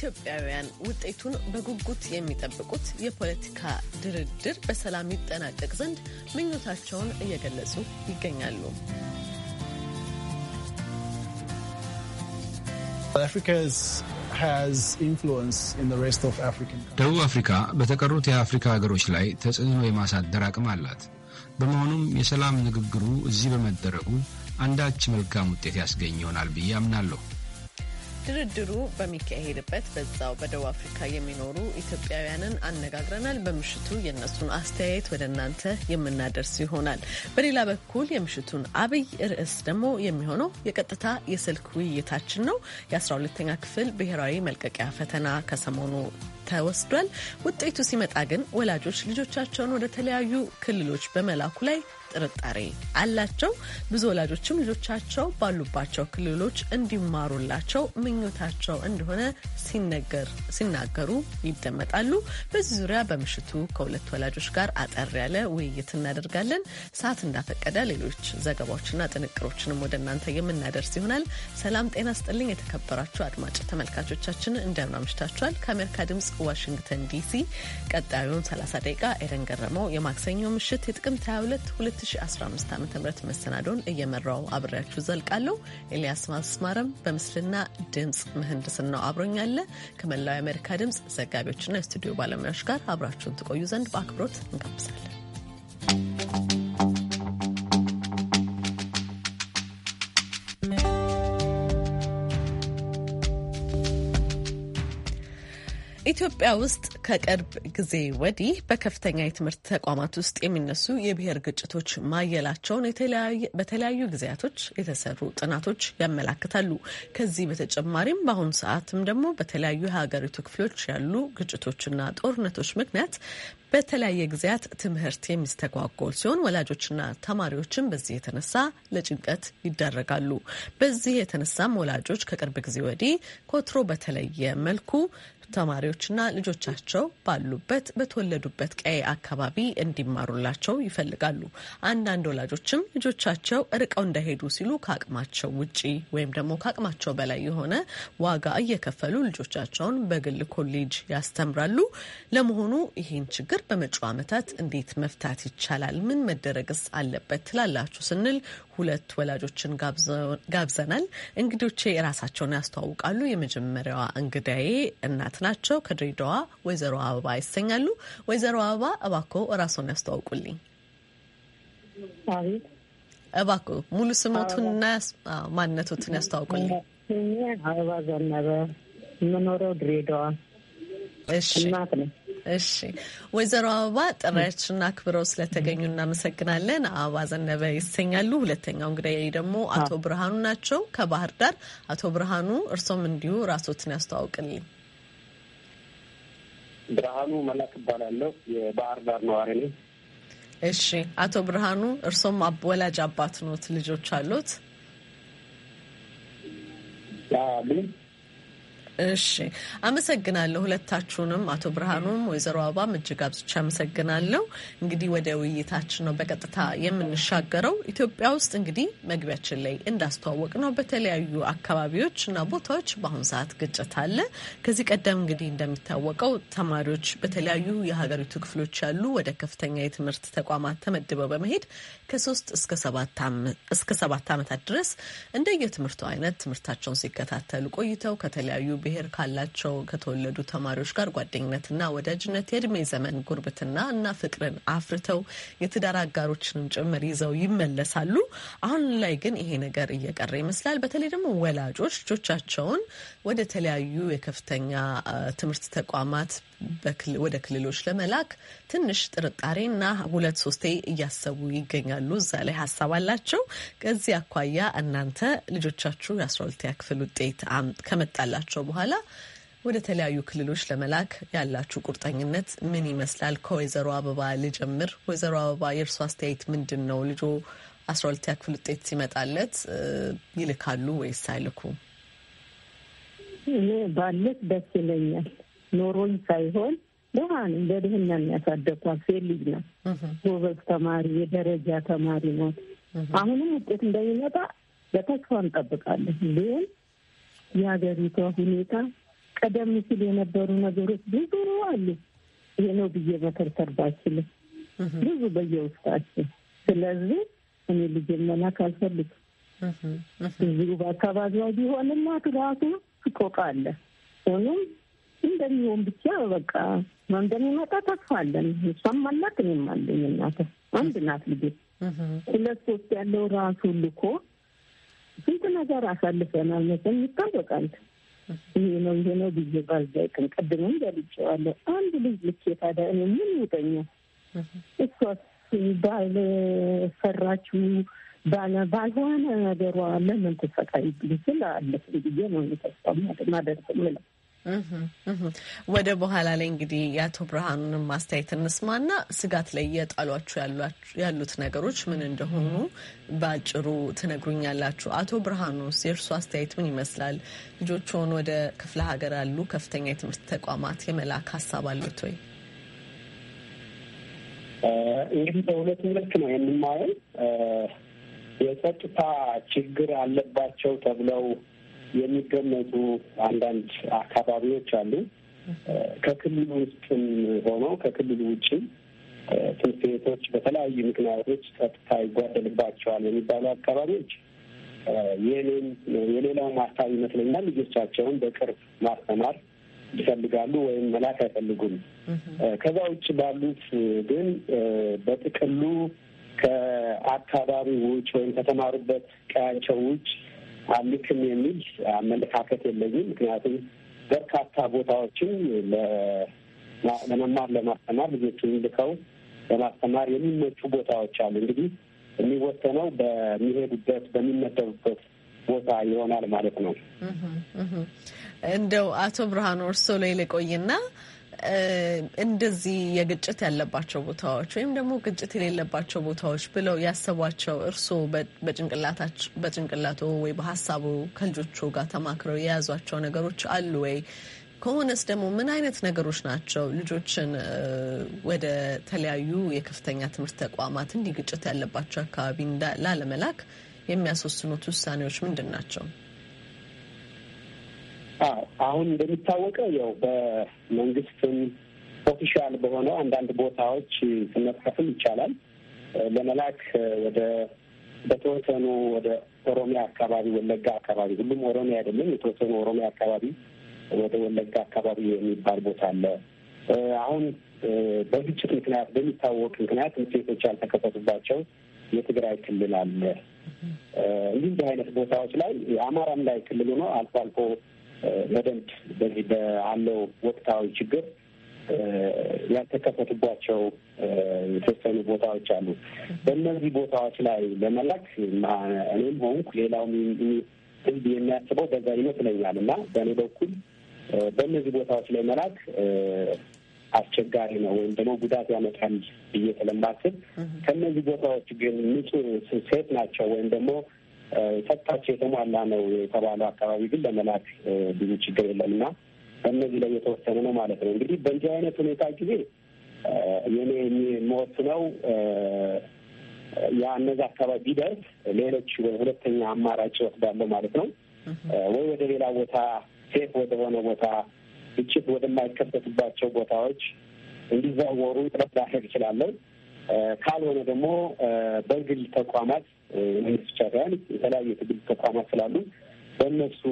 ኢትዮጵያውያን ውጤቱን በጉጉት የሚጠብቁት የፖለቲካ ድርድር በሰላም ይጠናቀቅ ዘንድ ምኞታቸውን እየገለጹ ይገኛሉ። ደቡብ አፍሪካ በተቀሩት የአፍሪካ ሀገሮች ላይ ተጽዕኖ የማሳደር አቅም አላት። በመሆኑም የሰላም ንግግሩ እዚህ በመደረጉ አንዳች መልካም ውጤት ያስገኝ ይሆናል ብዬ አምናለሁ። ድርድሩ በሚካሄድበት በዛው በደቡብ አፍሪካ የሚኖሩ ኢትዮጵያውያንን አነጋግረናል። በምሽቱ የእነሱን አስተያየት ወደ እናንተ የምናደርስ ይሆናል። በሌላ በኩል የምሽቱን አብይ ርዕስ ደግሞ የሚሆነው የቀጥታ የስልክ ውይይታችን ነው። የ12ተኛ ክፍል ብሔራዊ መልቀቂያ ፈተና ከሰሞኑ ተወስዷል። ውጤቱ ሲመጣ ግን ወላጆች ልጆቻቸውን ወደ ተለያዩ ክልሎች በመላኩ ላይ ጥርጣሬ አላቸው። ብዙ ወላጆችም ልጆቻቸው ባሉባቸው ክልሎች እንዲማሩላቸው ምኞታቸው እንደሆነ ሲነገር ሲናገሩ ይደመጣሉ። በዚህ ዙሪያ በምሽቱ ከሁለት ወላጆች ጋር አጠር ያለ ውይይት እናደርጋለን። ሰዓት እንዳፈቀደ ሌሎች ዘገባዎችና ጥንቅሮችንም ወደ እናንተ የምናደርስ ይሆናል። ሰላም ጤና ስጥልኝ። የተከበራችሁ አድማጭ ተመልካቾቻችን እንደምን አምሽታችኋል? ከአሜሪካ ድምጽ ዋሽንግተን ዲሲ ቀጣዩን 30 ደቂቃ ኤደን ገረመው የማክሰኞ ምሽት የጥቅምት 22 2015 ዓ ም መሰናዶን እየመራው አብሬያችሁ ዘልቃለሁ። ኤልያስ ማስማረም በምስልና ድምፅ ምህንድስናው አብሮኛለ። ከመላው የአሜሪካ ድምፅ ዘጋቢዎችና የስቱዲዮ ባለሙያዎች ጋር አብራችሁን ትቆዩ ዘንድ በአክብሮት እንጋብዛለን። ኢትዮጵያ ውስጥ ከቅርብ ጊዜ ወዲህ በከፍተኛ የትምህርት ተቋማት ውስጥ የሚነሱ የብሔር ግጭቶች ማየላቸውን በተለያዩ ጊዜያቶች የተሰሩ ጥናቶች ያመላክታሉ። ከዚህ በተጨማሪም በአሁኑ ሰዓትም ደግሞ በተለያዩ የሀገሪቱ ክፍሎች ያሉ ግጭቶችና ጦርነቶች ምክንያት በተለያየ ጊዜያት ትምህርት የሚስተጓጎል ሲሆን ወላጆችና ተማሪዎችም በዚህ የተነሳ ለጭንቀት ይዳረጋሉ። በዚህ የተነሳም ወላጆች ከቅርብ ጊዜ ወዲህ ከወትሮ በተለየ መልኩ ተማሪዎችና ልጆቻቸው ባሉበት በተወለዱበት ቀይ አካባቢ እንዲማሩላቸው ይፈልጋሉ። አንዳንድ ወላጆችም ልጆቻቸው ርቀው እንዳይሄዱ ሲሉ ከአቅማቸው ውጪ ወይም ደግሞ ከአቅማቸው በላይ የሆነ ዋጋ እየከፈሉ ልጆቻቸውን በግል ኮሌጅ ያስተምራሉ። ለመሆኑ ይህን ችግር በመጪው ዓመታት እንዴት መፍታት ይቻላል? ምን መደረግስ አለበት ትላላችሁ ስንል ሁለት ወላጆችን ጋብዘናል። እንግዶቼ የራሳቸውን ያስተዋውቃሉ። የመጀመሪያዋ እንግዳዬ እናት ናቸው። ከድሬዳዋ ወይዘሮ አበባ ይሰኛሉ። ወይዘሮ አበባ እባኮ ራሱን ያስተዋውቁልኝ። እባኮ ሙሉ ስሞቱንና ማንነቶትን ያስተዋውቁልኝ። አበባ ዘነበ የምኖረው ድሬዳዋ እናት ነው። እሺ ወይዘሮ አበባ ጥሪያችንን አክብረው ስለተገኙ እናመሰግናለን። አበባ ዘነበ ይሰኛሉ። ሁለተኛው እንግዲህ ደግሞ አቶ ብርሃኑ ናቸው ከባህር ዳር። አቶ ብርሃኑ እርሶም እንዲሁ ራሶትን ያስተዋውቅልኝ። ብርሃኑ መላክ እባላለሁ። የባህር ዳር ነዋሪ ነኝ። እሺ አቶ ብርሃኑ እርሶም ወላጅ አባት ኖት? ልጆች አሉት? እሺ፣ አመሰግናለሁ ሁለታችሁንም፣ አቶ ብርሃኑም ወይዘሮ አበባም እጅግ አብዝቼ አመሰግናለሁ። እንግዲህ ወደ ውይይታችን ነው በቀጥታ የምንሻገረው። ኢትዮጵያ ውስጥ እንግዲህ መግቢያችን ላይ እንዳስተዋወቅ ነው በተለያዩ አካባቢዎች እና ቦታዎች በአሁኑ ሰዓት ግጭት አለ። ከዚህ ቀደም እንግዲህ እንደሚታወቀው ተማሪዎች በተለያዩ የሀገሪቱ ክፍሎች ያሉ ወደ ከፍተኛ የትምህርት ተቋማት ተመድበው በመሄድ ከሶስት እስከ ሰባት ዓመታት ድረስ እንደየትምህርቱ አይነት ትምህርታቸውን ሲከታተሉ ቆይተው ከተለያዩ ብሔር ካላቸው ከተወለዱ ተማሪዎች ጋር ጓደኝነትና ወዳጅነት የእድሜ ዘመን ጉርብትና እና ፍቅርን አፍርተው የትዳር አጋሮችንም ጭምር ይዘው ይመለሳሉ። አሁን ላይ ግን ይሄ ነገር እየቀረ ይመስላል። በተለይ ደግሞ ወላጆች ልጆቻቸውን ወደ ተለያዩ የከፍተኛ ትምህርት ተቋማት ወደ ክልሎች ለመላክ ትንሽ ጥርጣሬና ሁለት ሶስቴ እያሰቡ ይገኛሉ። እዛ ላይ ሀሳብ አላቸው። ከዚህ አኳያ እናንተ ልጆቻችሁ የአስራ ሁለተኛ ክፍል ውጤት ከመጣላቸው በኋላ በኋላ ወደ ተለያዩ ክልሎች ለመላክ ያላችሁ ቁርጠኝነት ምን ይመስላል? ከወይዘሮ አበባ ልጀምር። ወይዘሮ አበባ የእርሱ አስተያየት ምንድን ነው? ልጆ አስራ ሁለተኛ ክፍል ውጤት ሲመጣለት ይልካሉ ወይስ አይልኩ? ባለት ደስ ይለኛል። ኖሮኝ ሳይሆን በኋላ በድህና የሚያሳደኳት ሴት ልጅ ነው። ጎበዝ ተማሪ፣ የደረጃ ተማሪ ነው። አሁንም ውጤት እንደሚመጣ በተስፋ እንጠብቃለን ግን የሀገሪቷ ሁኔታ ቀደም ሲል የነበሩ ነገሮች ብዙ አሉ። ይሄ ነው ብዬ መከርከር ባችልም ብዙ በየውስጣችን። ስለዚህ እኔ ልጅ መላክ አልፈልግም። እዚሁ በአካባቢዋ ቢሆንማ ትጋቱ ስቆቃ አለ ሆኖም እንደሚሆን ብቻ በቃ እንደሚመጣ ተስፋ አለን። እሷም አላት እኔም አለኝ። እናተ አንድ ናት ልጄ። ሁለት ሶስት ያለው ራሱ ልኮ ስንት ነገር አሳልፈናል። መቼም ይታወቃል። ይሄ ነው ይሄ ነው ብዬ ባልዘቅም ቀድሞም ገልጬዋለሁ። አንድ ልጅ ልኬ ታዲያ እኔ ምን ይውጠኛል? እሷስ ባልሰራችው ባልሆነ ነገሯ ለምን ትሰቃይብኝ ስል አለፍ ብዬ ነው ተስፋ ማደርግ ምለው ወደ በኋላ ላይ እንግዲህ የአቶ ብርሃኑንም ማስተያየት እንስማና ስጋት ላይ እየጣሏችሁ ያሉት ነገሮች ምን እንደሆኑ በአጭሩ ትነግሩኛላችሁ። አቶ ብርሃኑ የእርሱ አስተያየት ምን ይመስላል? ልጆችን ወደ ክፍለ ሀገር ያሉ ከፍተኛ የትምህርት ተቋማት የመላክ ሀሳብ አሉት ወይ? እንግዲህ በሁለት ሁለት ነው የምናየው። የጸጥታ ችግር አለባቸው ተብለው የሚገመጡ አንዳንድ አካባቢዎች አሉ። ከክልሉ ውስጥም ሆነው ከክልሉ ውጭ ትምህርት ቤቶች በተለያዩ ምክንያቶች ጸጥታ ይጓደልባቸዋል የሚባሉ አካባቢዎች የኔም የሌላው ሀሳብ ይመስለኛል። ልጆቻቸውን በቅርብ ማስተማር ይፈልጋሉ ወይም መላክ አይፈልጉም። ከዛ ውጭ ባሉት ግን በጥቅሉ ከአካባቢ ውጭ ወይም ከተማሩበት ቀያቸው ውጭ አልክም የሚል አመለካከት የለኝም። ምክንያቱም በርካታ ቦታዎችን ለመማር ለማስተማር ልጆችን ልከው ለማስተማር የሚመቹ ቦታዎች አሉ። እንግዲህ የሚወሰነው በሚሄዱበት በሚመደቡበት ቦታ ይሆናል ማለት ነው። እንደው አቶ ብርሃኑ እርሶ ላይ ልቆይና እንደዚህ የግጭት ያለባቸው ቦታዎች ወይም ደግሞ ግጭት የሌለባቸው ቦታዎች ብለው ያሰቧቸው እርስዎ በጭንቅላቱ ወይ በሀሳቡ ከልጆቹ ጋር ተማክረው የያዟቸው ነገሮች አሉ ወይ? ከሆነስ ደግሞ ምን አይነት ነገሮች ናቸው ልጆችን ወደ ተለያዩ የከፍተኛ ትምህርት ተቋማት እንዲህ ግጭት ያለባቸው አካባቢ ላለመላክ የሚያስወስኑት ውሳኔዎች ምንድን ናቸው? አሁን እንደሚታወቀው ያው በመንግስትም ኦፊሻል በሆነው አንዳንድ ቦታዎች ስነትከፍል ይቻላል ለመላክ ወደ በተወሰኑ ወደ ኦሮሚያ አካባቢ ወለጋ አካባቢ ሁሉም ኦሮሚያ አይደለም፣ የተወሰኑ ኦሮሚያ አካባቢ ወደ ወለጋ አካባቢ የሚባል ቦታ አለ። አሁን በግጭት ምክንያት በሚታወቅ ምክንያት ውጤቶች ያልተከፈቱባቸው የትግራይ ክልል አለ። እንዲህ እንዲህ አይነት ቦታዎች ላይ የአማራም ላይ ክልል ሆኖ አልፎ አልፎ በደንብ በዚህ በአለው ወቅታዊ ችግር ያልተከፈቱባቸው የተወሰኑ ቦታዎች አሉ። በእነዚህ ቦታዎች ላይ ለመላክ እኔም ሆንኩ ሌላውም ህዝብ የሚያስበው በዛ ይመስለኛል እና በእኔ በኩል በእነዚህ ቦታዎች ላይ መላክ አስቸጋሪ ነው ወይም ደግሞ ጉዳት ያመጣል ብዬ ስለማስብ ከእነዚህ ቦታዎች ግን ንጹህ ሴት ናቸው ወይም ደግሞ ጸጥታቸው የተሟላ ነው የተባለው አካባቢ ግን ለመላክ ብዙ ችግር የለም እና በእነዚህ ላይ የተወሰነ ነው ማለት ነው። እንግዲህ በእንዲህ አይነት ሁኔታ ጊዜ የኔ የሚወስነው ያ አካባቢ ቢደርስ ሌሎች ሁለተኛ አማራጭ ይወስዳለሁ ማለት ነው። ወይ ወደ ሌላ ቦታ ሴፍ ወደሆነ ቦታ ግጭት ወደማይከሰትባቸው ቦታዎች እንዲዛወሩ ጥረት ላደርግ እችላለሁ። ካልሆነ ደግሞ በግል ተቋማት መንግስት ብቻ ሳይሆን የተለያዩ የትግል ተቋማት ስላሉ በእነሱ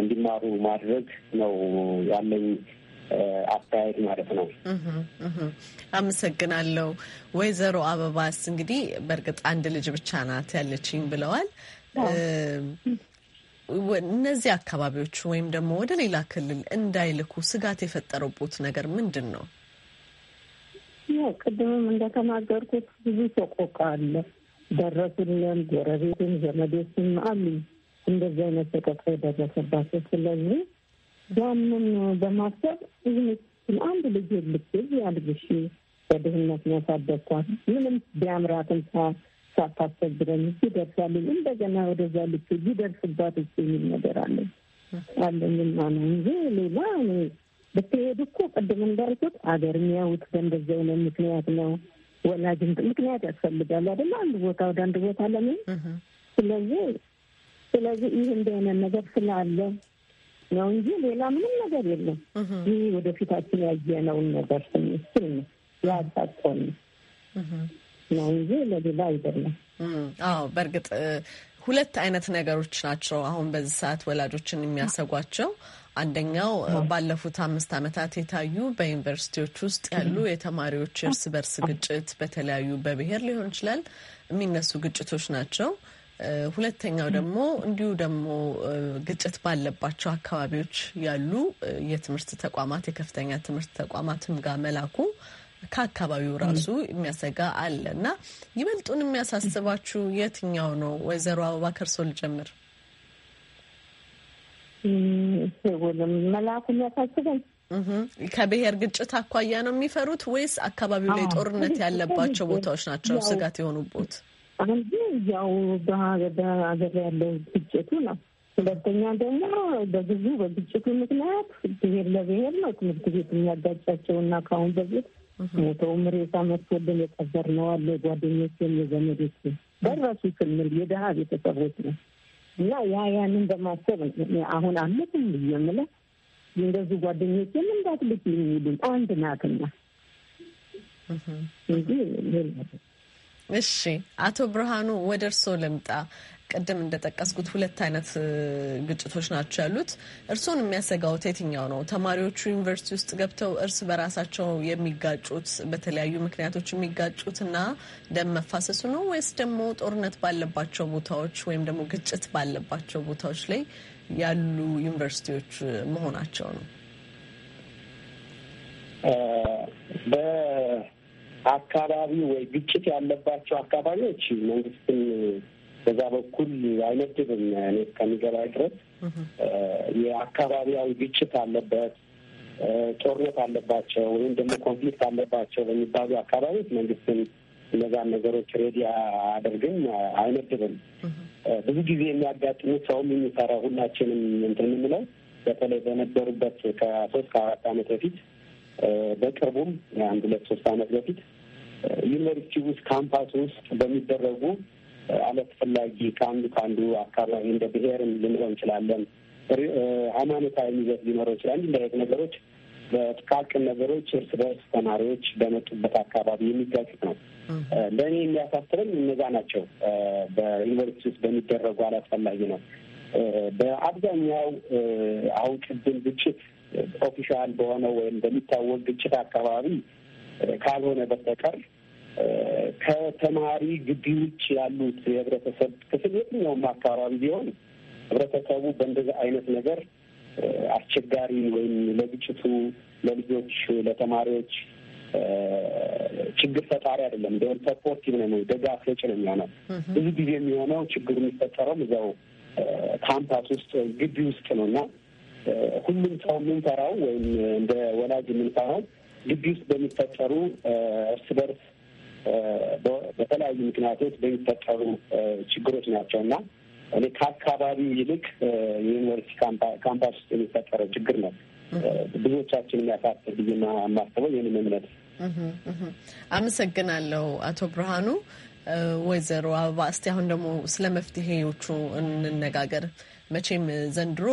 እንዲማሩ ማድረግ ነው ያለኝ አስተያየት ማለት ነው። አመሰግናለሁ። ወይዘሮ አበባስ እንግዲህ በእርግጥ አንድ ልጅ ብቻ ናት ያለችኝ ብለዋል። እነዚህ አካባቢዎች ወይም ደግሞ ወደ ሌላ ክልል እንዳይልኩ ስጋት የፈጠረቦት ነገር ምንድን ነው? ያው ቅድምም እንደተናገርኩት ብዙ ሰቆቃ አለ። ደረሱልን። ጎረቤትም ዘመዶችም አሉ እንደዚህ አይነት ተቀጥሮ የደረሰባቸው። ስለዚህ ያንን በማሰብ ይህችን አንድ ልጅ ልትል ያልግሽ በድህነት ያሳደግኳት ምንም ቢያምራትም ሳታስቸግረን ይደርሳልኝ እንደገና ወደዛ ልክ ይደርስባት እ የሚል ነገር አለ አለኝና ነው እንጂ ሌላ ብትሄድ እኮ ቅድም እንዳልኩት አገር የሚያዩት በእንደዚህ አይነት ምክንያት ነው። ወላጅ ምክንያት ያስፈልጋሉ አደለ? አንድ ቦታ ወደ አንድ ቦታ ለምን ስለዚህ ስለዚህ ይህ እንደሆነ ነገር ስላለ ነው እንጂ ሌላ ምንም ነገር የለም። ይህ ወደፊታችን ያየነውን ነገር ስንስል ነው ያሳቆን ነው እንጂ ለሌላ አይደለም። አዎ በእርግጥ ሁለት አይነት ነገሮች ናቸው አሁን በዚህ ሰዓት ወላጆችን የሚያሰጓቸው አንደኛው ባለፉት አምስት ዓመታት የታዩ በዩኒቨርሲቲዎች ውስጥ ያሉ የተማሪዎች እርስ በርስ ግጭት በተለያዩ በብሔር ሊሆን ይችላል የሚነሱ ግጭቶች ናቸው። ሁለተኛው ደግሞ እንዲሁ ደግሞ ግጭት ባለባቸው አካባቢዎች ያሉ የትምህርት ተቋማት የከፍተኛ ትምህርት ተቋማትም ጋር መላኩ ከአካባቢው ራሱ የሚያሰጋ አለ እና ይበልጡን የሚያሳስባችሁ የትኛው ነው? ወይዘሮ አበባ ከርሶ ልጀምር። መላኩ የሚያሳስበኝ ከብሔር ግጭት አኳያ ነው የሚፈሩት ወይስ አካባቢው ላይ ጦርነት ያለባቸው ቦታዎች ናቸው ስጋት የሆኑቦት? አንዱ ያው በሀገር ያለው ግጭቱ ነው። ሁለተኛ ደግሞ በብዙ በግጭቱ ምክንያት ብሔር ለብሔር ነው ትምህርት ቤት የሚያጋጫቸው እና ከአሁን በፊት ሞተውም ሬሳ መጥቶልን የቀበር ነው አለ የጓደኞች የዘመዶች በራሱ ስንል የደሀ ቤተሰቦች ነው እና ያ ያንን በማሰብ አሁን አመትም ብዬ የምለው እንደዚህ ጓደኞች የምንዳት እንዳትልክ የሚሉኝ አንድ ናትና እንጂ እሺ አቶ ብርሃኑ ወደ እርስዎ ልምጣ። ቅድም እንደጠቀስኩት ሁለት አይነት ግጭቶች ናቸው ያሉት። እርስዎን የሚያሰጋውት የትኛው ነው? ተማሪዎቹ ዩኒቨርሲቲ ውስጥ ገብተው እርስ በራሳቸው የሚጋጩት በተለያዩ ምክንያቶች የሚጋጩት እና ደም መፋሰሱ ነው ወይስ ደግሞ ጦርነት ባለባቸው ቦታዎች ወይም ደግሞ ግጭት ባለባቸው ቦታዎች ላይ ያሉ ዩኒቨርሲቲዎች መሆናቸው ነው? በአካባቢው ወይ ግጭት ያለባቸው አካባቢዎች መንግስትን በዛ በኩል አይመድብም። እኔ እስከሚገባ ድረስ የአካባቢያዊ ግጭት አለበት፣ ጦርነት አለባቸው ወይም ደግሞ ኮንፍሊክት አለባቸው በሚባሉ አካባቢዎች መንግስትን እነዛን ነገሮች ሬዲ አድርግም አይመድብም። ብዙ ጊዜ የሚያጋጥሙ ሰውም የሚሰራው ሁላችንም እንትን የምንለው በተለይ በነበሩበት ከሶስት ከአራት አመት በፊት በቅርቡም አንድ ሁለት ሶስት አመት በፊት ዩኒቨርሲቲ ውስጥ ካምፓስ ውስጥ በሚደረጉ አላስፈላጊ ከአንዱ ከአንዱ አካባቢ እንደ ብሔርም ልንለው እንችላለን። ሃይማኖታዊ ይዘት ሊኖረው ይችላል። እንዲህ ነገሮች በጥቃቅን ነገሮች እርስ በርስ ተማሪዎች በመጡበት አካባቢ የሚጋጭት ነው። ለእኔ የሚያሳስበኝ እነዛ ናቸው። በዩኒቨርሲቲ ውስጥ በሚደረጉ አላስፈላጊ ነው። በአብዛኛው አሁን ቅድም ግጭት ኦፊሻል በሆነው ወይም በሚታወቅ ግጭት አካባቢ ካልሆነ በስተቀር ከተማሪ ግቢ ውጭ ያሉት የህብረተሰብ ክፍል የትኛውም አካባቢ ቢሆን ህብረተሰቡ በእንደዚህ አይነት ነገር አስቸጋሪ ወይም ለግጭቱ ለልጆች ለተማሪዎች ችግር ፈጣሪ አይደለም። እንዲሁም ሰፖርቲቭ ነው፣ ደጋፍ ሰጪ ነው የሚሆነው። ብዙ ጊዜ የሚሆነው ችግሩ የሚፈጠረው እዛው ካምፓስ ውስጥ ግቢ ውስጥ ነው እና ሁሉም ሰው የምንፈራው ወይም እንደ ወላጅ የምንፈራው ግቢ ውስጥ በሚፈጠሩ እርስ በርስ በተለያዩ ምክንያቶች በሚፈጠሩ ችግሮች ናቸው እና እኔ ከአካባቢው ይልቅ የዩኒቨርሲቲ ካምፓስ ውስጥ የሚፈጠረው ችግር ነው ብዙዎቻችን የሚያሳስብ ብዬ የማስበው ይህንም እምነት። አመሰግናለሁ አቶ ብርሃኑ። ወይዘሮ አበባ እስቲ አሁን ደግሞ ስለ መፍትሄዎቹ እንነጋገር። መቼም ዘንድሮ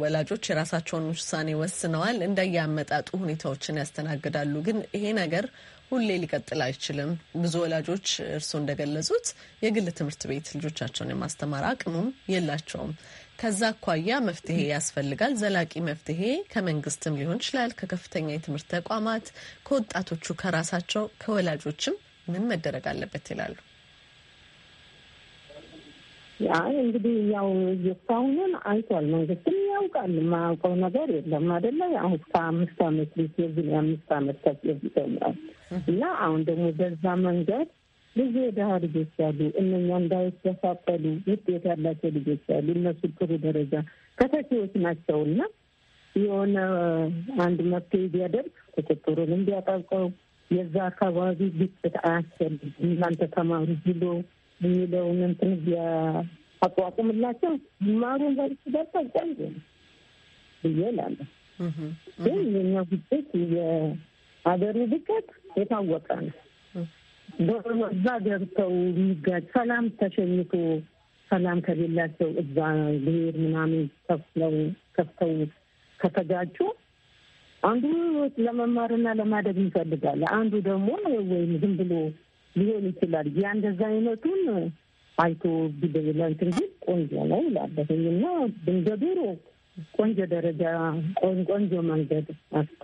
ወላጆች የራሳቸውን ውሳኔ ወስነዋል፣ እንደየአመጣጡ ሁኔታዎችን ያስተናግዳሉ። ግን ይሄ ነገር ሁሌ ሊቀጥል አይችልም። ብዙ ወላጆች እርስዎ እንደገለጹት የግል ትምህርት ቤት ልጆቻቸውን የማስተማር አቅሙም የላቸውም። ከዛ አኳያ መፍትሄ ያስፈልጋል። ዘላቂ መፍትሄ ከመንግስትም ሊሆን ይችላል፣ ከከፍተኛ የትምህርት ተቋማት፣ ከወጣቶቹ ከራሳቸው ከወላጆችም ምን መደረግ አለበት ይላሉ? ያ እንግዲህ ያው እስካሁን አይቷል። መንግስትም ያውቃል። የማያውቀው ነገር የለም አደለ? አሁን አምስት አመት ቤት የዚህ የአምስት አመት ከቤት ይተኛል እና አሁን ደግሞ በዛ መንገድ ብዙ የድሀ ልጆች ያሉ እነኛ እንዳይተሳጠሉ ውጤት ያላቸው ልጆች ያሉ እነሱ ጥሩ ደረጃ ከተኪዎች ናቸው እና የሆነ አንድ መፍትሄ ቢያደርግ ቁጥጥሩንም ቢያጠብቀው የዛ አካባቢ ግጭት አያስፈልግ እናንተ ተማሩ ብሎ የሚለውን እንትን አቋቁምላቸው ማሩን በርስ ደርሰ ቆንጆ ነው ብዬ እላለሁ። ግን የኛ ግጭት የሀገሩ ድቀት የታወቀ ነው። እዛ ገብተው የሚጋጭ ሰላም ተሸኝቶ ሰላም ከሌላቸው እዛ ብሄር ምናምን ከፍለው ከፍተው ከተጋጩ አንዱ ለመማርና ለማደግ ይፈልጋል። አንዱ ደግሞ ወይም ዝም ብሎ ሊሆን ይችላል። ያ እንደዛ አይነቱን አይቶ ቢደለንትን ግን ቆንጆ ነው ይላለሁኝ እና እንደ ዶሮ ቆንጆ ደረጃ ቆንጆ መንገድ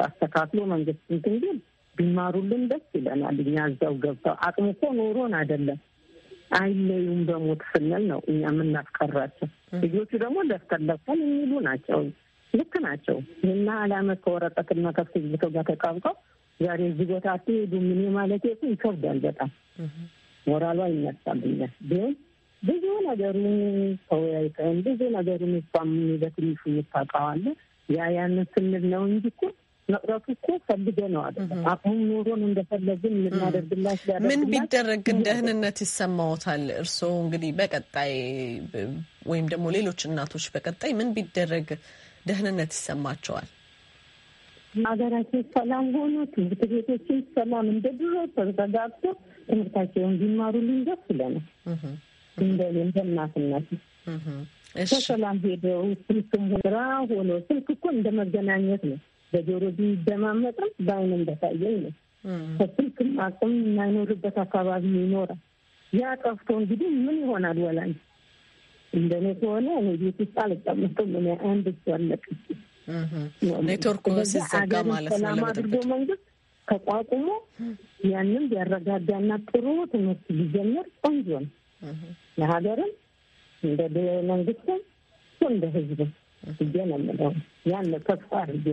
አስተካክሎ መንገድ ስንትን ግን ቢማሩልን ደስ ይለናል። እኛ እዛው ገብተው አቅም እኮ ኖሮን አይደለም አይለዩም በሞት ስንል ነው እኛ የምናስቀራቸው። ልጆቹ ደግሞ ለፍተለፈን የሚሉ ናቸው። ልክ ናቸው እና አላመት ከወረቀትና ከፍት ብቶ ጋር ተቃብቀው ዛሬ እዚህ ቦታ አትሄዱ ምኔ ማለት ሱ ይከብዳል። በጣም ሞራሏ ይነሳብኛል። ግን ብዙ ነገሩን ተወያይተን ብዙ ነገሩን እሷም በትንሹ ይታቃዋለ ያ ያንን ስንል ነው እንጂ እኮ መቅረቱ እኮ ፈልገ ነው አለ አሁን ኑሮን እንደፈለግን የምናደርግላት ምን ቢደረግ ደህንነት ይሰማዎታል? እርስዎ እንግዲህ በቀጣይ ወይም ደግሞ ሌሎች እናቶች በቀጣይ ምን ቢደረግ ደህንነት ይሰማቸዋል? ሀገራችን ሰላም ሆኖ ትምህርት ቤቶችን ሰላም እንደ ድሮ ተዘጋግቶ ትምህርታቸውን ቢማሩልን ደስ ይለናል። እንደ እናትነት ከሰላም ሄደው ስልክም ስራ ሆኖ ስልክ እኮ እንደ መገናኘት ነው። በጆሮ ቢደማመጥም በአይን እንደታየኝ ነው። ከስልክም አቅም የማይኖርበት አካባቢ ይኖራል። ያ ጠፍቶ እንግዲህ ምን ይሆናል ወላጅ? እንደኔ ከሆነ እኔ ቤት ውስጥ አልቀመጥኩም። ምን አንድ እሱ አለቀች ኔትወርኩ ሲዘጋ ማለት ነው። አድርጎ መንግስት ተቋቁሞ ያንን ቢያረጋጋና ጥሩ ትምህርት ቢጀምር ቆንጆ ነው ለሀገርም እንደ መንግስትም እንደ ህዝብም እየለምደው ያን ተስፋ አድርጌ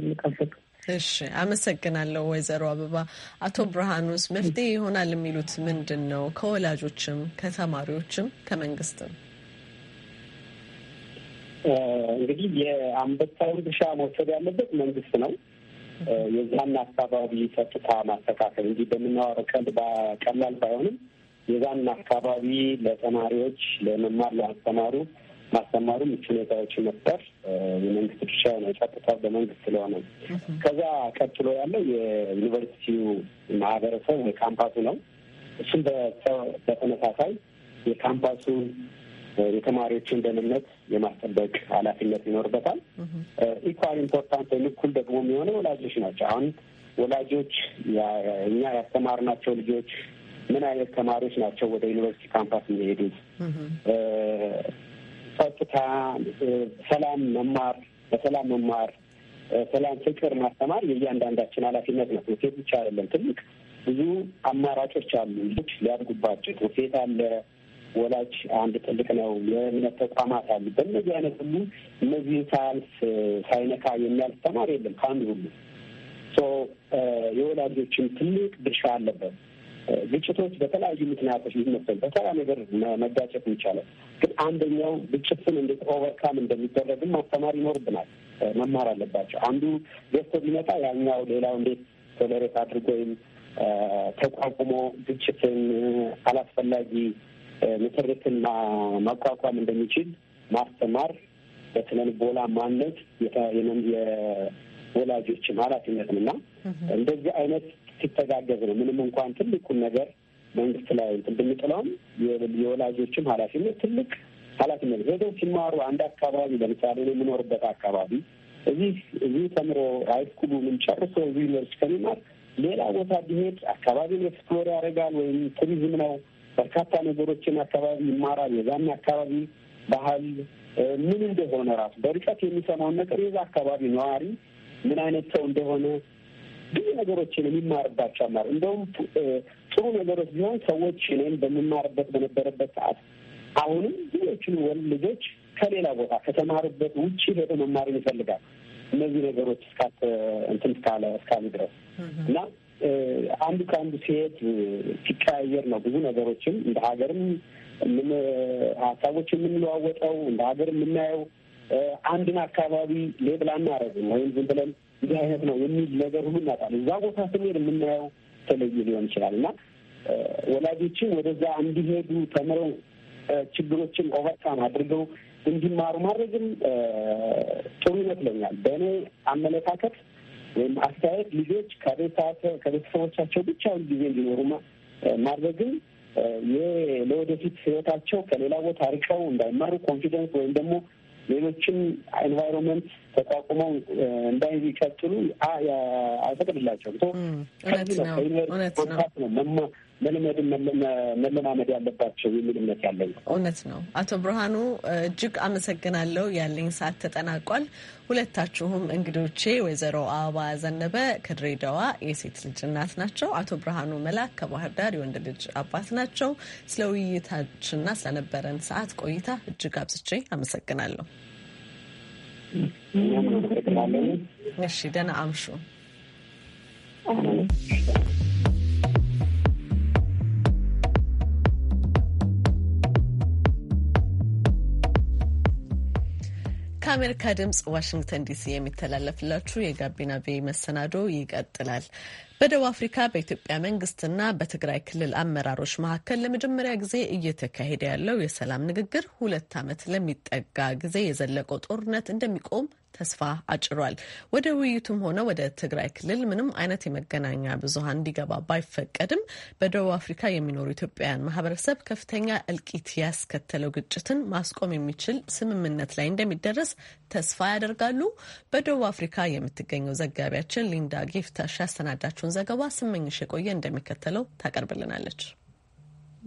እሺ፣ አመሰግናለሁ ወይዘሮ አበባ። አቶ ብርሃኑስ መፍትሄ ይሆናል የሚሉት ምንድን ነው? ከወላጆችም፣ ከተማሪዎችም፣ ከመንግስትም እንግዲህ የአንበሳውን ድርሻ መውሰድ ያለበት መንግስት ነው። የዛን አካባቢ ጸጥታ ማስተካከል እንዲህ በምናወራው ቀል ቀላል ባይሆንም የዛን አካባቢ ለተማሪዎች ለመማር ለማስተማሩ ማስተማሩ ምቹ ሁኔታዎች መፍጠር የመንግስት ድርሻ ነው። ጸጥታ በመንግስት ስለሆነ ከዛ ቀጥሎ ያለው የዩኒቨርሲቲው ማህበረሰብ ወይ ካምፓሱ ነው። እሱም በተመሳሳይ የካምፓሱን የተማሪዎችን ደህንነት የማስጠበቅ ኃላፊነት ይኖርበታል። ኢኳል ኢምፖርታንት ወይም እኩል ደግሞ የሚሆነው ወላጆች ናቸው። አሁን ወላጆች እኛ ያስተማርናቸው ልጆች ምን አይነት ተማሪዎች ናቸው ወደ ዩኒቨርሲቲ ካምፓስ የሚሄዱት? ጸጥታ፣ ሰላም መማር በሰላም መማር ሰላም፣ ፍቅር ማስተማር የእያንዳንዳችን ኃላፊነት ነው። ትምህርት ቤት ብቻ አይደለም፣ ትልቅ ብዙ አማራጮች አሉ ልጆች ሊያድጉባቸው። ትምህርት ቤት አለ ወላጅ አንድ ትልቅ ነው። የእምነት ተቋማት አሉ። በእነዚህ አይነት ሁሉ እነዚህ ሳያልፍ ሳይነካ የሚያልፍ ተማሪ የለም ከአንድ ሁሉ የወላጆችም ትልቅ ድርሻ አለበት። ግጭቶች በተለያዩ ምክንያቶች ሊመሰል በተራ ነገር መጋጨት ይቻላል፣ ግን አንደኛው ግጭትን እንዴት ኦቨርካም እንደሚደረግም ማስተማር ይኖርብናል። መማር አለባቸው። አንዱ ገዝቶ ቢመጣ ያኛው ሌላው እንዴት ቶሌሬት አድርጎ ወይም ተቋቁሞ ግጭትን አላስፈላጊ መሰረትን ማቋቋም እንደሚችል ማስተማር በስነ ልቦና ማነት የወላጆችም ኃላፊነት እና እንደዚህ አይነት ሲተጋገዝ ነው። ምንም እንኳን ትልቁን ነገር መንግስት ላይ ብንጥለውም የወላጆችም ኃላፊነት ትልቅ ኃላፊነት ሄደው ሲማሩ አንድ አካባቢ ለምሳሌ የምኖርበት አካባቢ እዚህ እዚህ ተምሮ ሃይስኩሉ ምን ጨርሶ እዚህ ዩኒቨርስቲ ከሚማር ሌላ ቦታ ቢሄድ አካባቢን ኤክስፕሎር ያደርጋል ወይም ቱሪዝም ነው በርካታ ነገሮችን አካባቢ ይማራል። የዛን አካባቢ ባህል ምን እንደሆነ ራሱ በርቀት የሚሰማውን ነገር የዛ አካባቢ ነዋሪ ምን አይነት ሰው እንደሆነ ብዙ ነገሮችን የሚማርባቸው አማር እንደውም ጥሩ ነገሮች ቢሆን ሰዎች እኔም በምማርበት በነበረበት ሰዓት አሁንም ብዙዎቹን ወል ልጆች ከሌላ ቦታ ከተማሩበት ውጭ ሄደ መማርን ይፈልጋል። እነዚህ ነገሮች እስካ እንትን እስካለ እስካሉ ድረስ እና አንዱ ከአንዱ ሲሄድ ሲቀያየር ነው ብዙ ነገሮችም እንደ ሀገርም ምን ሀሳቦች የምንለዋወጠው እንደ ሀገር የምናየው አንድን አካባቢ ሌብል አናረግም ወይም ዝም ብለን እንዲህ አይነት ነው የሚል ነገር ሁሉ እናጣል። እዛ ቦታ ስንሄድ የምናየው ተለይ ሊሆን ይችላል እና ወላጆችን ወደዛ እንዲሄዱ ተምረው ችግሮችን ኦቨርካም አድርገው እንዲማሩ ማድረግም ጥሩ ይመስለኛል በእኔ አመለካከት። ወይም አስተያየት ልጆች ከቤተሰቦቻቸው ብቻውን ጊዜ እንዲኖሩ ማድረግም ለወደፊት ህይወታቸው ከሌላ ቦታ አርቀው እንዳይማሩ ኮንፊደንስ ወይም ደግሞ ሌሎችን ኤንቫይሮንመንት ተቋቁመው እንዳይቀጥሉ አይፈቅድላቸውም። ከዚህ ነው ነው መለመድን መለማመድ ያለባቸው የሚል እምነት ያለኝ እውነት ነው። አቶ ብርሃኑ እጅግ አመሰግናለሁ። ያለኝ ሰዓት ተጠናቋል። ሁለታችሁም እንግዶቼ ወይዘሮ አበባ ዘነበ ከድሬዳዋ የሴት ልጅ እናት ናቸው። አቶ ብርሃኑ መላክ ከባህር ዳር የወንድ ልጅ አባት ናቸው። ስለ ውይይታችንና ስለነበረን ሰዓት ቆይታ እጅግ አብዝቼ አመሰግናለሁ። እሺ ደህና አምሹ። ከአሜሪካ ድምጽ ዋሽንግተን ዲሲ የሚተላለፍላችሁ የጋቢና ቤ መሰናዶ ይቀጥላል። በደቡብ አፍሪካ በኢትዮጵያ መንግስትና በትግራይ ክልል አመራሮች መካከል ለመጀመሪያ ጊዜ እየተካሄደ ያለው የሰላም ንግግር ሁለት ዓመት ለሚጠጋ ጊዜ የዘለቀው ጦርነት እንደሚቆም ተስፋ አጭሯል። ወደ ውይይቱም ሆነ ወደ ትግራይ ክልል ምንም አይነት የመገናኛ ብዙኃን እንዲገባ ባይፈቀድም በደቡብ አፍሪካ የሚኖሩ ኢትዮጵያውያን ማህበረሰብ ከፍተኛ እልቂት ያስከተለው ግጭትን ማስቆም የሚችል ስምምነት ላይ እንደሚደረስ ተስፋ ያደርጋሉ። በደቡብ አፍሪካ የምትገኘው ዘጋቢያችን ሊንዳ ጌፍታሽ ያሰናዳችውን ዘገባ ስመኝሽ የቆየ እንደሚከተለው ታቀርብልናለች።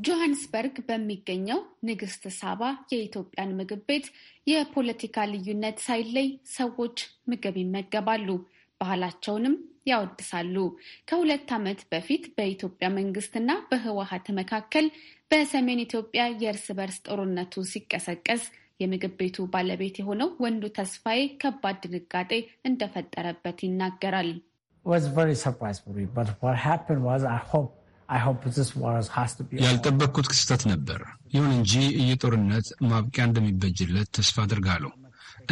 ጆሃንስበርግ በሚገኘው ንግስት ሳባ የኢትዮጵያን ምግብ ቤት የፖለቲካ ልዩነት ሳይለይ ሰዎች ምግብ ይመገባሉ፣ ባህላቸውንም ያወድሳሉ። ከሁለት ዓመት በፊት በኢትዮጵያ መንግስትና በህወሀት መካከል በሰሜን ኢትዮጵያ የእርስ በርስ ጦርነቱ ሲቀሰቀስ የምግብ ቤቱ ባለቤት የሆነው ወንዱ ተስፋዬ ከባድ ድንጋጤ እንደፈጠረበት ይናገራል። ያልጠበቅኩት ክስተት ነበር። ይሁን እንጂ ይህ ጦርነት ማብቂያ እንደሚበጅለት ተስፋ አድርጋለሁ።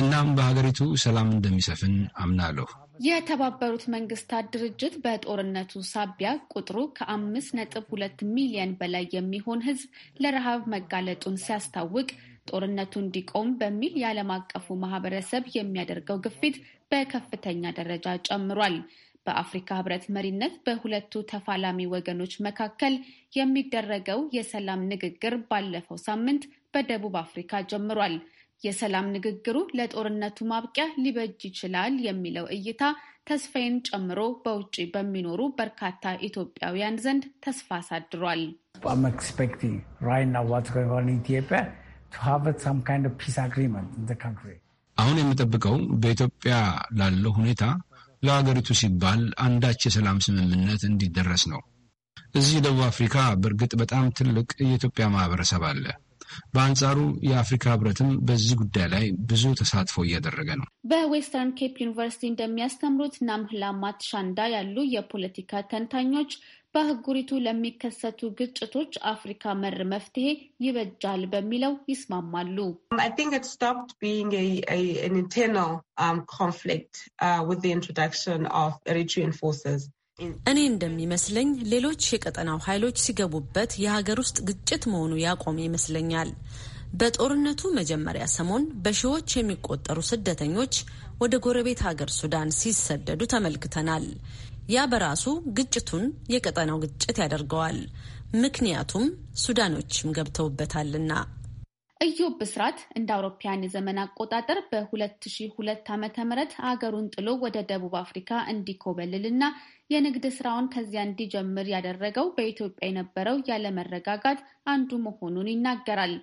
እናም በሀገሪቱ ሰላም እንደሚሰፍን አምናለሁ። የተባበሩት መንግስታት ድርጅት በጦርነቱ ሳቢያ ቁጥሩ ከአምስት ነጥብ ሁለት ሚሊየን በላይ የሚሆን ህዝብ ለረሃብ መጋለጡን ሲያስታውቅ ጦርነቱ እንዲቆም በሚል የዓለም አቀፉ ማህበረሰብ የሚያደርገው ግፊት በከፍተኛ ደረጃ ጨምሯል። በአፍሪካ ህብረት መሪነት በሁለቱ ተፋላሚ ወገኖች መካከል የሚደረገው የሰላም ንግግር ባለፈው ሳምንት በደቡብ አፍሪካ ጀምሯል። የሰላም ንግግሩ ለጦርነቱ ማብቂያ ሊበጅ ይችላል የሚለው እይታ ተስፋዬን ጨምሮ በውጭ በሚኖሩ በርካታ ኢትዮጵያውያን ዘንድ ተስፋ አሳድሯል። አሁን የምጠብቀው በኢትዮጵያ ላለው ሁኔታ ለአገሪቱ ሲባል አንዳች የሰላም ስምምነት እንዲደረስ ነው። እዚህ ደቡብ አፍሪካ በእርግጥ በጣም ትልቅ የኢትዮጵያ ማህበረሰብ አለ። በአንጻሩ የአፍሪካ ህብረትም በዚህ ጉዳይ ላይ ብዙ ተሳትፎ እያደረገ ነው። በዌስተርን ኬፕ ዩኒቨርሲቲ እንደሚያስተምሩት ናምህላ ማትሻንዳ ያሉ የፖለቲካ ተንታኞች በአህጉሪቱ ለሚከሰቱ ግጭቶች አፍሪካ መር መፍትሄ ይበጃል በሚለው ይስማማሉ። um, uh, እኔ እንደሚመስለኝ ሌሎች የቀጠናው ኃይሎች ሲገቡበት የሀገር ውስጥ ግጭት መሆኑ ያቆመ ይመስለኛል። በጦርነቱ መጀመሪያ ሰሞን በሺዎች የሚቆጠሩ ስደተኞች ወደ ጎረቤት ሀገር ሱዳን ሲሰደዱ ተመልክተናል። ያ በራሱ ግጭቱን የቀጠናው ግጭት ያደርገዋል። ምክንያቱም ሱዳኖችም ገብተውበታልና። ኢዮብ ብስራት እንደ አውሮፓያን የዘመን አቆጣጠር በ2002 ዓ ም አገሩን ጥሎ ወደ ደቡብ አፍሪካ እንዲኮበልልና የንግድ ስራውን ከዚያ እንዲጀምር ያደረገው በኢትዮጵያ የነበረው ያለመረጋጋት አንዱ መሆኑን ይናገራል።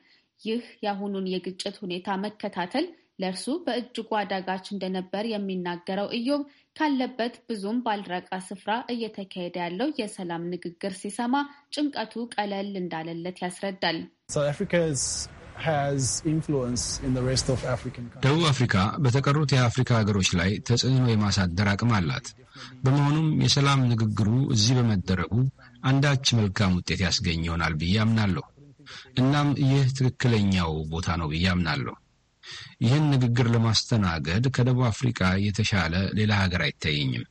ይህ የአሁኑን የግጭት ሁኔታ መከታተል ለእርሱ በእጅጉ አዳጋች እንደነበር የሚናገረው ኢዮብ ካለበት ብዙም ባልራቃ ስፍራ እየተካሄደ ያለው የሰላም ንግግር ሲሰማ ጭንቀቱ ቀለል እንዳለለት ያስረዳል። ደቡብ አፍሪካ በተቀሩት የአፍሪካ ሀገሮች ላይ ተጽዕኖ የማሳደር አቅም አላት። በመሆኑም የሰላም ንግግሩ እዚህ በመደረጉ አንዳች መልካም ውጤት ያስገኝ ይሆናል ብዬ አምናለሁ። እናም ይህ ትክክለኛው ቦታ ነው ብዬ አምናለሁ። ይህን ንግግር ለማስተናገድ ከደቡብ አፍሪካ የተሻለ ሌላ ሀገር አይታየኝም።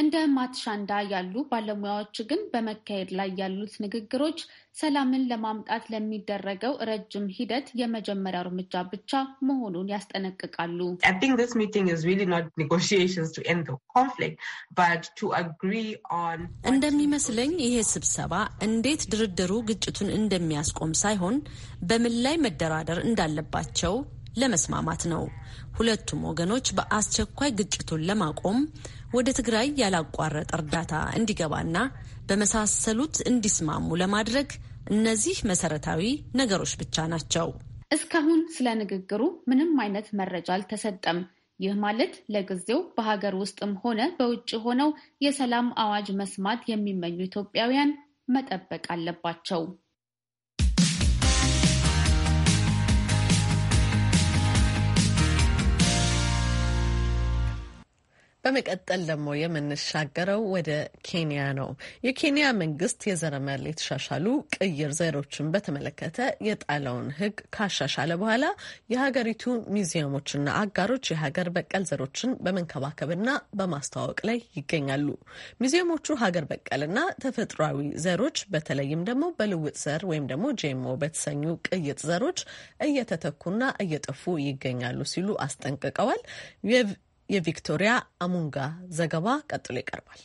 እንደ ማትሻንዳ ያሉ ባለሙያዎች ግን በመካሄድ ላይ ያሉት ንግግሮች ሰላምን ለማምጣት ለሚደረገው ረጅም ሂደት የመጀመሪያ እርምጃ ብቻ መሆኑን ያስጠነቅቃሉ። እንደሚመስለኝ ይሄ ስብሰባ እንዴት ድርድሩ ግጭቱን እንደሚያስቆም ሳይሆን በምን ላይ መደራደር እንዳለባቸው ለመስማማት ነው። ሁለቱም ወገኖች በአስቸኳይ ግጭቱን ለማቆም ወደ ትግራይ ያላቋረጠ እርዳታ እንዲገባና በመሳሰሉት እንዲስማሙ ለማድረግ እነዚህ መሰረታዊ ነገሮች ብቻ ናቸው። እስካሁን ስለ ንግግሩ ምንም አይነት መረጃ አልተሰጠም። ይህ ማለት ለጊዜው በሀገር ውስጥም ሆነ በውጭ ሆነው የሰላም አዋጅ መስማት የሚመኙ ኢትዮጵያውያን መጠበቅ አለባቸው። በመቀጠል ደግሞ የምንሻገረው ወደ ኬንያ ነው። የኬንያ መንግስት የዘረመል የተሻሻሉ ቅይር ዘሮችን በተመለከተ የጣለውን ሕግ ካሻሻለ በኋላ የሀገሪቱ ሚዚየሞችና አጋሮች የሀገር በቀል ዘሮችን በመንከባከብና በማስተዋወቅ ላይ ይገኛሉ። ሚዚየሞቹ ሀገር በቀልና ተፈጥሯዊ ዘሮች በተለይም ደግሞ በልውጥ ዘር ወይም ደግሞ ጄሞ በተሰኙ ቅይጥ ዘሮች እየተተኩና እየጠፉ ይገኛሉ ሲሉ አስጠንቅቀዋል። የቪክቶሪያ አሙንጋ ዘገባ ቀጥሎ ይቀርባል።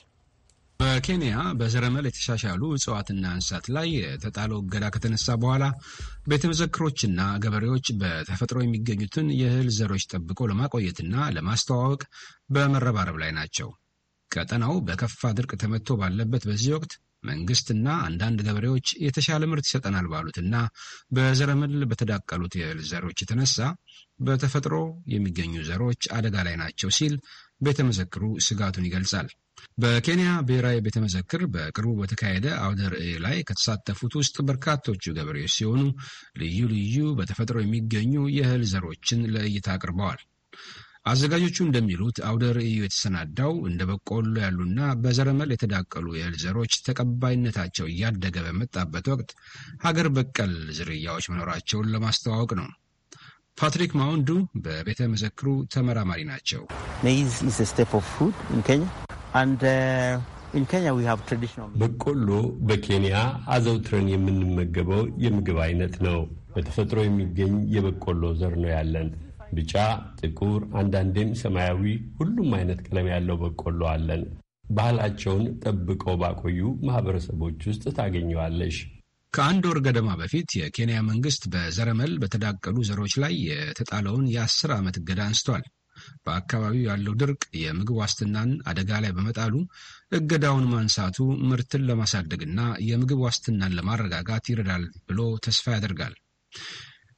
በኬንያ በዘረመል የተሻሻሉ እጽዋትና እንስሳት ላይ የተጣለው እገዳ ከተነሳ በኋላ ቤተ ገበሬዎች በተፈጥሮ የሚገኙትን የእህል ዘሮች ጠብቆ ለማቆየትና ለማስተዋወቅ በመረባረብ ላይ ናቸው። ቀጠናው በከፋ ድርቅ ተመቶ ባለበት በዚህ ወቅት መንግስትና አንዳንድ ገበሬዎች የተሻለ ምርት ይሰጠናል ባሉትና በዘረመል በተዳቀሉት የእህል ዘሮች የተነሳ በተፈጥሮ የሚገኙ ዘሮች አደጋ ላይ ናቸው ሲል ቤተመዘክሩ ስጋቱን ይገልጻል። በኬንያ ብሔራዊ ቤተመዘክር በቅርቡ በተካሄደ አውደ ርዕይ ላይ ከተሳተፉት ውስጥ በርካቶቹ ገበሬዎች ሲሆኑ ልዩ ልዩ በተፈጥሮ የሚገኙ የእህል ዘሮችን ለእይታ አቅርበዋል። አዘጋጆቹ እንደሚሉት አውደ ርዕዩ የተሰናዳው እንደ በቆሎ ያሉና በዘረመል የተዳቀሉ የእህል ዘሮች ተቀባይነታቸው እያደገ በመጣበት ወቅት ሀገር በቀል ዝርያዎች መኖራቸውን ለማስተዋወቅ ነው። ፓትሪክ ማውንዱ በቤተ መዘክሩ ተመራማሪ ናቸው። uh, በቆሎ በኬንያ አዘውትረን የምንመገበው የምግብ አይነት ነው። በተፈጥሮ የሚገኝ የበቆሎ ዘር ነው ያለን ቢጫ፣ ጥቁር፣ አንዳንዴም ሰማያዊ፣ ሁሉም አይነት ቀለም ያለው በቆሎ አለን። ባህላቸውን ጠብቀው ባቆዩ ማህበረሰቦች ውስጥ ታገኘዋለሽ። ከአንድ ወር ገደማ በፊት የኬንያ መንግስት በዘረመል በተዳቀሉ ዘሮች ላይ የተጣለውን የአስር ዓመት እገዳ አንስቷል። በአካባቢው ያለው ድርቅ የምግብ ዋስትናን አደጋ ላይ በመጣሉ እገዳውን ማንሳቱ ምርትን ለማሳደግና የምግብ ዋስትናን ለማረጋጋት ይረዳል ብሎ ተስፋ ያደርጋል።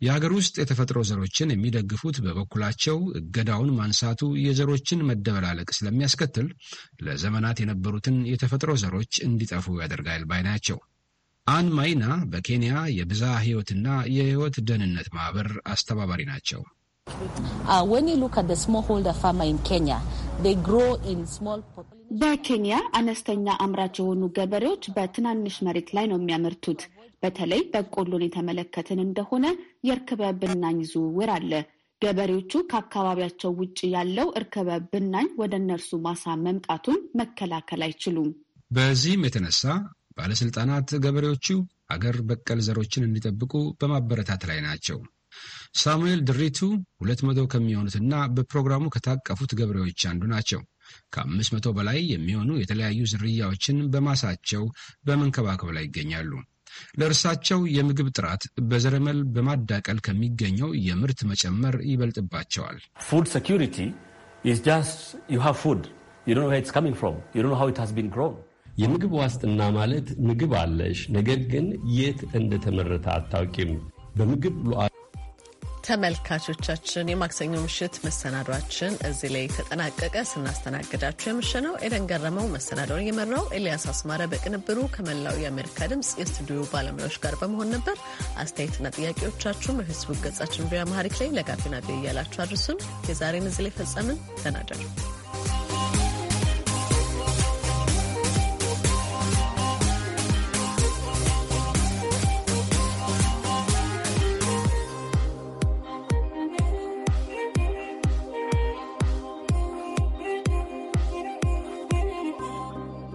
የሀገር ውስጥ የተፈጥሮ ዘሮችን የሚደግፉት በበኩላቸው እገዳውን ማንሳቱ የዘሮችን መደበላለቅ ስለሚያስከትል ለዘመናት የነበሩትን የተፈጥሮ ዘሮች እንዲጠፉ ያደርጋል ባይ ናቸው። አን ማይና በኬንያ የብዛ ህይወትና የህይወት ደህንነት ማህበር አስተባባሪ ናቸው። uh, በኬንያ አነስተኛ አምራች የሆኑ ገበሬዎች በትናንሽ መሬት ላይ ነው የሚያመርቱት። በተለይ በቆሎን የተመለከትን እንደሆነ የእርክበ ብናኝ ዝውውር አለ። ገበሬዎቹ ከአካባቢያቸው ውጭ ያለው እርክበ ብናኝ ወደ እነርሱ ማሳ መምጣቱን መከላከል አይችሉም። በዚህም የተነሳ ባለስልጣናት ገበሬዎቹ አገር በቀል ዘሮችን እንዲጠብቁ በማበረታት ላይ ናቸው። ሳሙኤል ድሪቱ ሁለት መቶ ከሚሆኑትና በፕሮግራሙ ከታቀፉት ገበሬዎች አንዱ ናቸው። ከአምስት መቶ በላይ የሚሆኑ የተለያዩ ዝርያዎችን በማሳቸው በመንከባከብ ላይ ይገኛሉ። ለእርሳቸው የምግብ ጥራት በዘረመል በማዳቀል ከሚገኘው የምርት መጨመር ይበልጥባቸዋል። የምግብ ዋስትና ማለት ምግብ አለሽ፣ ነገር ግን የት እንደተመረተ አታውቂም። በምግብ ተመልካቾቻችን የማክሰኞ ምሽት መሰናዷችን እዚህ ላይ ተጠናቀቀ። ስናስተናግዳችሁ የምሽነው ኤደን ገረመው፣ መሰናዶን የመራው ኤልያስ አስማረ በቅንብሩ ከመላው የአሜሪካ ድምፅ የስቱዲዮ ባለሙያዎች ጋር በመሆን ነበር። አስተያየትና ጥያቄዎቻችሁን በፌስቡክ ገጻችን ቪኦኤ አማርኛ ላይ ለጋቢና ቪኦኤ እያላችሁ አድርሱን። የዛሬን እዚህ ላይ ፈጸምን። ደህና